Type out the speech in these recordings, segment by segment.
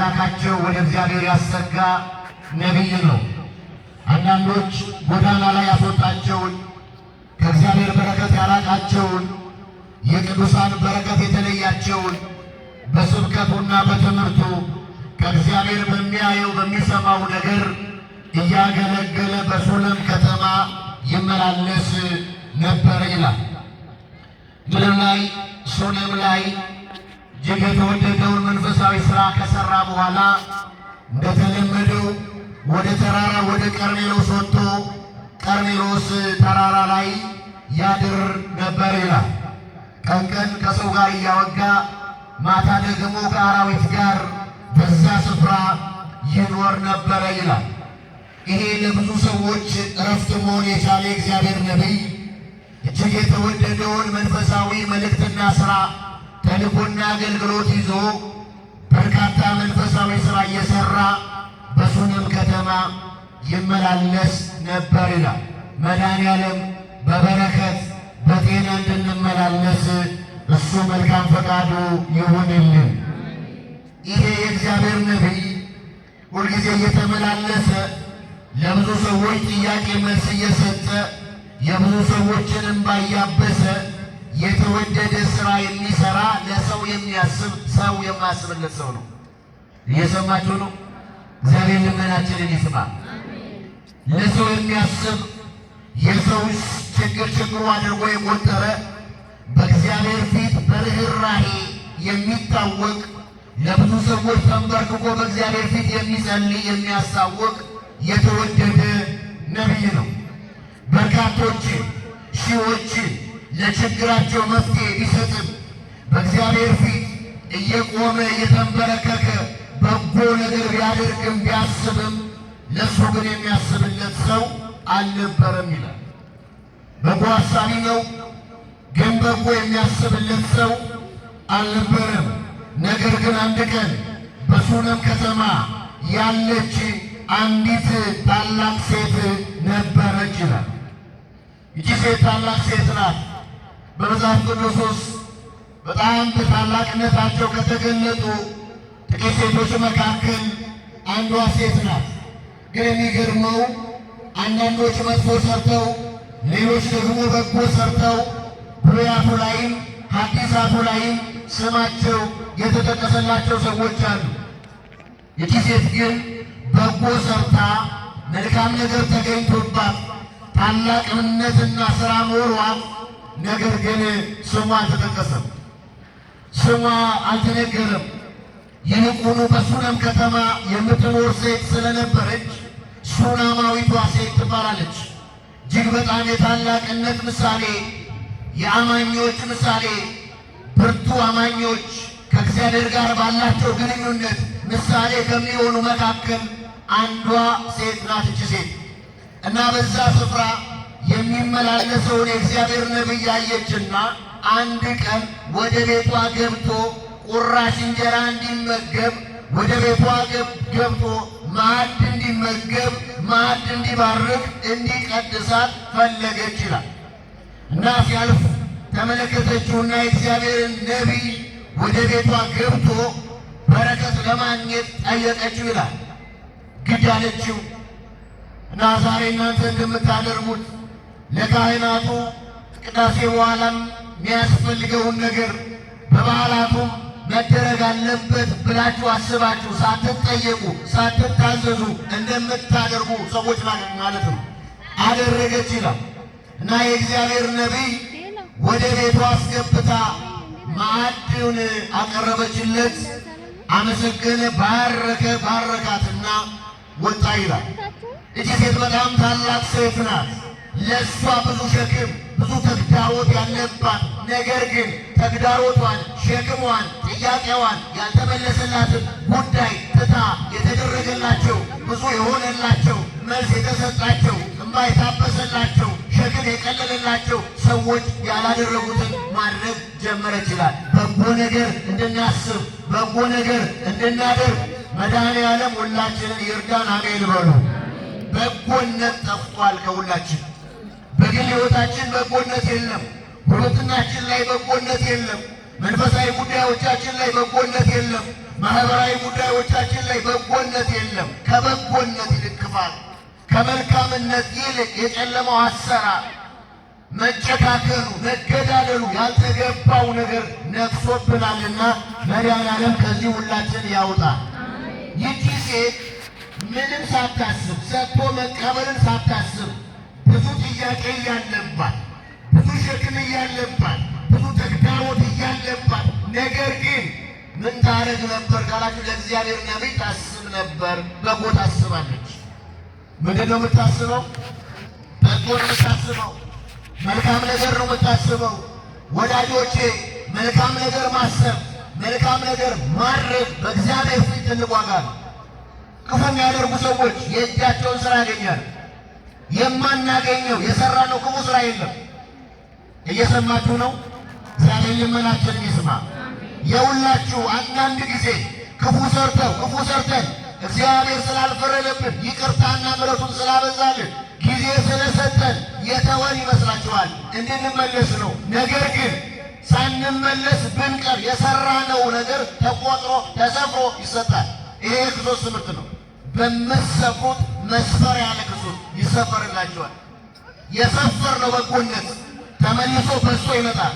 አምላካቸው ወደ እግዚአብሔር ያሰጋ ነቢይ ነው። አንዳንዶች ጎዳና ላይ ያስወጣቸውን ከእግዚአብሔር በረከት ያራቃቸውን የቅዱሳን በረከት የተለያቸውን በስብከቱና በትምህርቱ ከእግዚአብሔር በሚያየው በሚሰማው ነገር እያገለገለ በሱነም ከተማ ይመላለስ ነበር ይላል። ምድር ላይ ሱነም ላይ እጅግ የተወደደውን መንፈሳዊ ሥራ ከሰራ በኋላ እንደተለመደው ወደ ተራራ ወደ ቀርሜሎስ ወጥቶ ቀርሜሎስ ተራራ ላይ ያድር ነበር ይላል። ቀን ቀን ከሰው ጋር እያወጋ ማታ ደግሞ ከአራዊት ጋር በዛ ስፍራ ይኖር ነበረ ይላል። ይሄ ለብዙ ሰዎች እረፍት መሆን የቻለ እግዚአብሔር ነቢይ እጅግ የተወደደውን መንፈሳዊ መልእክትና ሥራ ተልእኮና አገልግሎት ይዞ በርካታ መንፈሳዊ ስራ እየሰራ በሱንም ከተማ ይመላለስ ነበር ይላል። መድኃኔዓለም በበረከት በጤና እንድንመላለስ እሱ መልካም ፈቃዱ ይሁንልን። ይሄ የእግዚአብሔር ነቢይ ሁልጊዜ እየተመላለሰ ለብዙ ሰዎች ጥያቄ መልስ እየሰጠ የብዙ ሰዎችን እምባ የተወደደ ስራ የሚሰራ ለሰው የሚያስብ ሰው የማያስብለት ሰው ነው። እየሰማችሁ ነው። እግዚአብሔር ልመናችንን ይስማ። ለሰው የሚያስብ የሰው ችግር ችግሩ አድርጎ የቆጠረ በእግዚአብሔር ፊት በርኅራሄ የሚታወቅ ለብዙ ሰዎች ተንበርክኮ በእግዚአብሔር ፊት የሚጸልይ የሚያስታውቅ የተወደደ ነቢይ ነው። በርካቶችን ሺዎችን ለችግራቸው መፍትሄ ቢሰጥም በእግዚአብሔር ፊት እየቆመ እየተንበረከከ በጎ ነገር ቢያደርግም ቢያስብም ለእሱ ግን የሚያስብለት ሰው አልነበረም ይላል። በጎ አሳቢ ነው፣ ግን በጎ የሚያስብለት ሰው አልነበረም። ነገር ግን አንድ ቀን በሱነም ከተማ ያለች አንዲት ታላቅ ሴት ነበረች ይላል። ይቺ ሴት ታላቅ ሴት ናት። በመጽሐፍ ቅዱስ ውስጥ በጣም በታላቅነታቸው ከተገለጡ ጥቂት ሴቶች መካከል አንዷ ሴት ናት። ግን የሚገርመው አንዳንዶች መጥፎ ሰርተው፣ ሌሎች ደግሞ በጎ ሰርተው ብሉያቱ ላይም ሐዲሳቱ ላይም ስማቸው የተጠቀሰላቸው ሰዎች አሉ። ይቺ ሴት ግን በጎ ሰርታ መልካም ነገር ተገኝቶባት ታላቅ እምነትና ሥራ ኖሯ ነገር ግን ስሟ አልተጠቀሰም፣ ስሟ አልተነገረም። ይልቁኑ በሱነም ከተማ የምትኖር ሴት ስለነበረች ሱናማዊቷ ሴት ትባላለች። እጅግ በጣም የታላቅነት ምሳሌ፣ የአማኞች ምሳሌ፣ ብርቱ አማኞች ከእግዚአብሔር ጋር ባላቸው ግንኙነት ምሳሌ ከሚሆኑ መካከል አንዷ ሴት ናት። እች ሴት እና በዛ ስፍራ የሚመላለሰውን የእግዚአብሔር ነቢይ አየችና አንድ ቀን ወደ ቤቷ ገብቶ ቁራሽ እንጀራ እንዲመገብ ወደ ቤቷ ገብቶ ማዕድ እንዲመገብ ማዕድ እንዲባርክ እንዲቀድሳት ፈለገች ይላል እና ሲያልፍ ተመለከተችውና የእግዚአብሔርን ነቢይ ወደ ቤቷ ገብቶ በረከት ለማግኘት ጠየቀችው ይላል። ግድ አለችው እና ዛሬ እናንተ እንደምታደርጉት ለካህናቱ ቅዳሴ በኋላም የሚያስፈልገውን ነገር በበዓላቱ መደረግ አለበት ብላችሁ አስባችሁ ሳትጠየቁ ሳትታዘዙ እንደምታደርጉ ሰዎች ማለት ነው። አደረገች ይላል እና የእግዚአብሔር ነቢይ ወደ ቤቷ አስገብታ ማዕድን አቀረበችለት። አመሰገነ፣ ባረከ፣ ባረካትና ወጣ ይላል። እቺ ሴት በጣም ታላቅ ሴት ናት። ለእሷ ብዙ ሸክም ብዙ ተግዳሮት ያለባት ነገር ግን ተግዳሮቷን፣ ሸክሟን፣ ጥያቄዋን ያልተመለሰላትን ጉዳይ ትታ የተደረገላቸው ብዙ የሆነላቸው መልስ የተሰጣቸው እምባ የታበሰላቸው ሸክም የቀለለላቸው ሰዎች ያላደረጉትን ማድረግ ጀመረ ይችላል። በጎ ነገር እንድናስብ በጎ ነገር እንድናደርግ መድኃኔ ዓለም ሁላችንን ይርዳን። አሜን በሉ። በጎነት ጠፍቷል ከሁላችን በግል ህይወታችን በጎነት የለም። ሁለትናችን ላይ በጎነት የለም። መንፈሳዊ ጉዳዮቻችን ላይ በጎነት የለም። ማህበራዊ ጉዳዮቻችን ላይ በጎነት የለም። ከበጎነት ይልቅ ክፋት፣ ከመልካምነት ይልቅ የጨለመው አሰራር፣ መጨካከሉ፣ መገዳደሉ ያልተገባው ነገር ነግሶብናልና መድኃኔዓለም ከዚህ ሁላችን ያውጣል። ይቺ ሴት ምንም ሳታስብ ሰጥቶ መቀበልን ሳታስብ ጥያቄ እያለባት ብዙ ሸክም እያለባት ብዙ ተግዳሮት እያለባት ነገር ግን ምን ታረግ ነበር ካላችሁ ለእግዚአብሔር ነቢይ ታስብ ነበር። በጎ ታስባለች። ምንድን ነው የምታስበው? በጎ ነው የምታስበው። መልካም ነገር ነው የምታስበው። ወዳጆቼ መልካም ነገር ማሰብ፣ መልካም ነገር ማድረግ በእግዚአብሔር ፊት እንዋጋለን። ክፉ የሚያደርጉ ሰዎች የእጃቸውን ስራ ያገኛሉ። የማናገኘው የሰራነው ክፉ ስራ የለም። እየሰማችሁ ነው። ዛሬ ልመናችንን ይስማ። የሁላችሁ አንዳንድ ጊዜ ክፉ ሰርተው ክፉ ሰርተን እግዚአብሔር ስላልፈረደብን ይቅርታና ምሕረቱን ስላበዛልን ጊዜ ስለሰጠን የተወን ይመስላችኋል እንድንመለስ ነው። ነገር ግን ሳንመለስ ብንቀር የሰራነው ነገር ተቆጥሮ ተሰፍሮ ይሰጣል። ይሄ የክርስቶስ ትምህርት ነው። መስፈር መስፈሪያ ይሰፈርላቸዋል። ነው በጎነት ተመልሶ በሶ ይመጣል።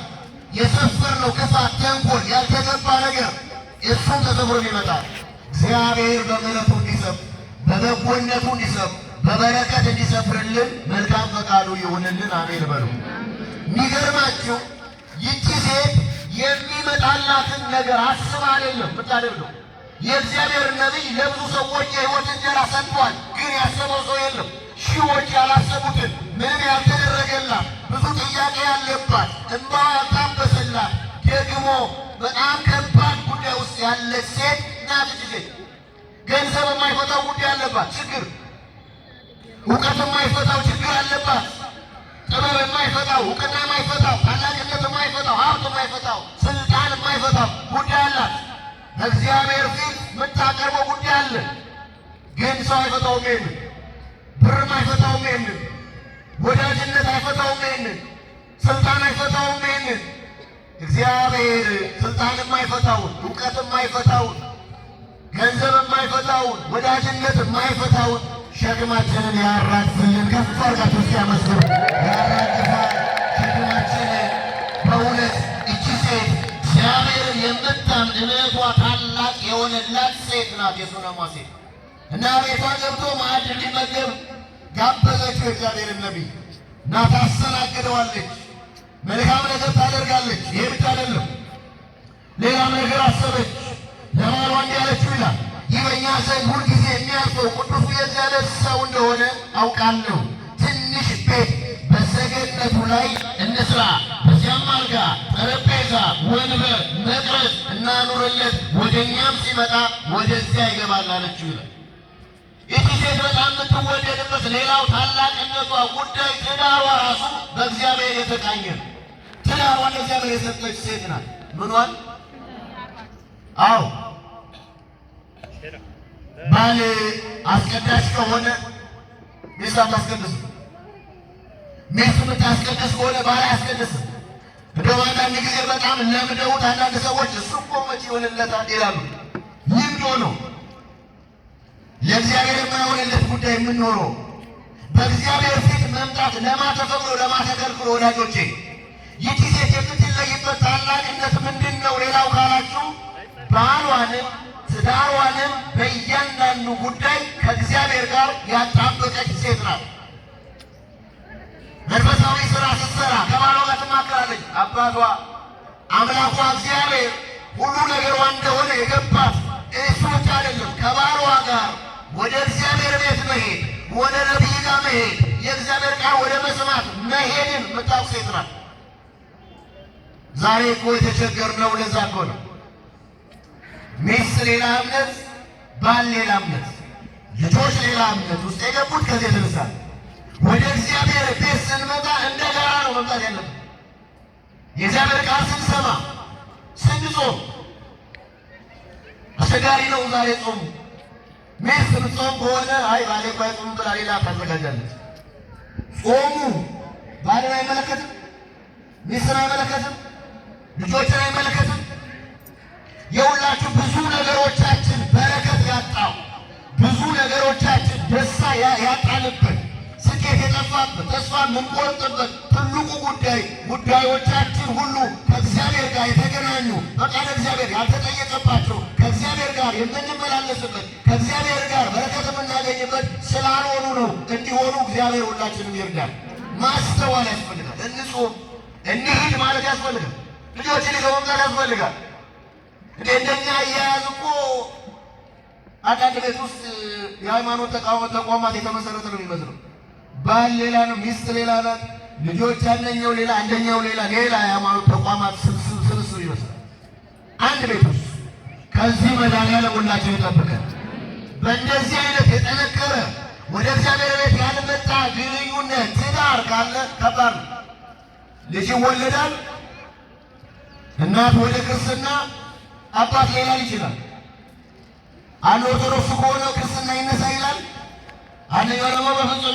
ነው ክፋት፣ ተንኮል፣ ያልተገባ ነገር እሱም ተሰፍሮ ይመጣል። እግዚአብሔር በምሕረቱ እንዲሰፍ በበጎነቱ እንዲሰፍ በበረከት እንዲሰፍርልን መልካም ፈቃዱ ይሁንልን። አሜን በሉ። የሚገርማችሁ ይቺ ሴት የሚመጣላትን ነገር አስባ አይደለም ምታደርገው የእግዚአብሔር ነቢይ ለብዙ ሰዎች የህይወት እንጀራ ሰጥቷል። ግን ያሰበው ሰው የለም። ሺዎች ያላሰቡትን ምንም ያልተደረገላት ብዙ ጥያቄ ያለባት እንባ ያልታበሰላት ደግሞ በጣም ከባድ ጉዳይ ውስጥ ያለ ሴት ናት። ጊዜ ገንዘብ የማይፈታው ጉዳይ አለባት ችግር፣ እውቀት የማይፈታው ችግር አለባት። ጥበብ የማይፈታው እውቅና የማይፈታው ታላቅነት የማይፈታው ሀብት የማይፈታው ስልጣን የማይፈታው ጉዳይ አላት። እግዚአብሔር ፊት የምታቀርበው ጉዳይ አለ፣ ግን ሰው አይፈታውም። ይሄንን ብርም አይፈታውም። ይሄንን ወዳጅነት አይፈታውም። ይሄንን ስልጣን አይፈታውም። ይሄንን እግዚአብሔር ስልጣንም አይፈታውን፣ እውቀትም አይፈታውን፣ ገንዘብም አይፈታውን፣ ወዳጅነትም አይፈታውን። ሸክማችንን ያራግፍልን። ከፍ አድርጋችሁ እስኪ አመስግኑ። ታላቅ ሴት ናት፣ የሱነማ ሴት እና ቤቷ ገብቶ ማዕድ እንዲመገብ ጋበዘችው። እግዚአብሔርን ነቢይ እና ታስተናግደዋለች። መልካም ነገር ታደርጋለች። ይሄ ብቻ አይደለም፣ ሌላም ነገር አሰበች። ለባሏ እንዲህ አለችው ይላል ይህ በእኛ ዘንድ ሁልጊዜ የሚያልፈው ቅዱሱ የእግዚአብሔር ሰው እንደሆነ አውቃለሁ። ትንሽ ቤት በሰገነቱ ላይ እንስራ፣ በዚያም አልጋ፣ ጠረጴዛ፣ ወንበር ኑርለት፣ ወደ እኛም ሲመጣ ወደዚያ ይገባል አለችው ይላል። ይቺ ሴት በጣም የምትወደድበት ሌላው ታላቅነቷ ጉዳይ ትዳሯ ራሱ በእግዚአብሔር የተቃኘ ነው። ትዳሯን ለእግዚአብሔር የሰጠች ሴት ናት። ምኗል? አዎ ባል አስቀዳሽ ከሆነ ሚስት አታስቀድስም። ሚስት የምታስቀድስ ከሆነ ባል አያስቀድስም። እንደው አንዳንድ ጊዜ በጣም ለምደውት አንዳንድ ሰዎች እሱ እኮ መቼ ይሆንለታል ይላሉ። ይህ ነው ለእግዚአብሔር የማይሆንለት ጉዳይ የምንኖረው በእግዚአብሔር ፊት መምጣት ለማተፈቅሮ ለማተከልክሎ ወዳጆቼ ይቺ ሴት የምትለይበት ታላቅነት ምንድን ነው? ሌላው ካላችሁ ባሏንም ትዳሯንም በእያንዳንዱ ጉዳይ ከእግዚአብሔር ጋር ያጣ አባቷ አምላኳ እግዚአብሔር ሁሉ ነገሯ እንደሆነ የገባት እሱ ብቻ አይደለም። ከባሏ ጋር ወደ እግዚአብሔር ቤት መሄድ፣ ወደ ነቢይ ጋር መሄድ፣ የእግዚአብሔር ቃል ወደ መስማት መሄድን ምታውቅ ሴት ናት። ዛሬ እኮ የተቸገርነው ለዛ እኮ ነው። ሚስት ሌላ እምነት፣ ባል ሌላ እምነት፣ ልጆች ሌላ እምነት ውስጥ የገቡት ከዚህ የተነሳ ወደ እግዚአብሔር ቤት ስንመጣ እንደ ጋራ ነው መምጣት ያለብን። የእግዚአብሔር ቃል ስንሰማ ስንጾም አስቸጋሪ ነው። ዛሬ ጾሙ ሜስ ስንጾም ከሆነ አይ ባሌ እኮ አይጾም ብላ ሌላ ታዘጋጃለች። ጾሙ ባልን አይመለከትም፣ ሚስትን አይመለከትም፣ ልጆችን አይመለከትም። የሁላችሁ ብዙ ነገሮቻችን በረከት ያጣው ብዙ ነገሮቻችን ደስታ ያጣንበት ይህ የጠፋበት ተስፋ የምንቆርጥበት ትልቁ ጉዳይ ጉዳዮቻችን ሁሉ ከእግዚአብሔር ጋር የተገናኙ ፈቃደ እግዚአብሔር ያልተጠየቀባቸው ከእግዚአብሔር ጋር የምንመላለስበት ከእግዚአብሔር ጋር በረከት የምናገኝበት ስላልሆኑ ነው። እንዲሆኑ እግዚአብሔር ሁላችንም ይርዳል። ማስተዋል ያስፈልጋል። እንጹም እንሂድ ማለት ያስፈልጋል። ልጆችን ይዘው መምጣት ያስፈልጋል። እንደ እንደኛ አያያዝ እኮ አንዳንድ ቤት ውስጥ የሃይማኖት ተቋማት የተመሰረተ ነው የሚመስለው። ባል ሌላ ነው፣ ሚስት ሌላ ናት፣ ልጆች አንደኛው ሌላ አንደኛው ሌላ ሌላ የሃይማኖት ተቋማት ስብስብ ስብስብ ይመስላል አንድ ቤት ውስጥ። ከዚህ መድኃኒዓለም ሁላችን ይጠብቀን። በእንደዚህ አይነት የጠነከረ ወደ እግዚአብሔር ቤት ያልመጣ ግንኙነት ትዳር ካለ ከባድ ነው። ልጅ ይወለዳል። እናት ወደ ክርስትና፣ አባት ሌላ ልጅ ይላል። አንድ ኦርቶዶክስ ከሆነ ክርስትና ይነሳ ይላል፣ አንደኛው ደግሞ በፍጹም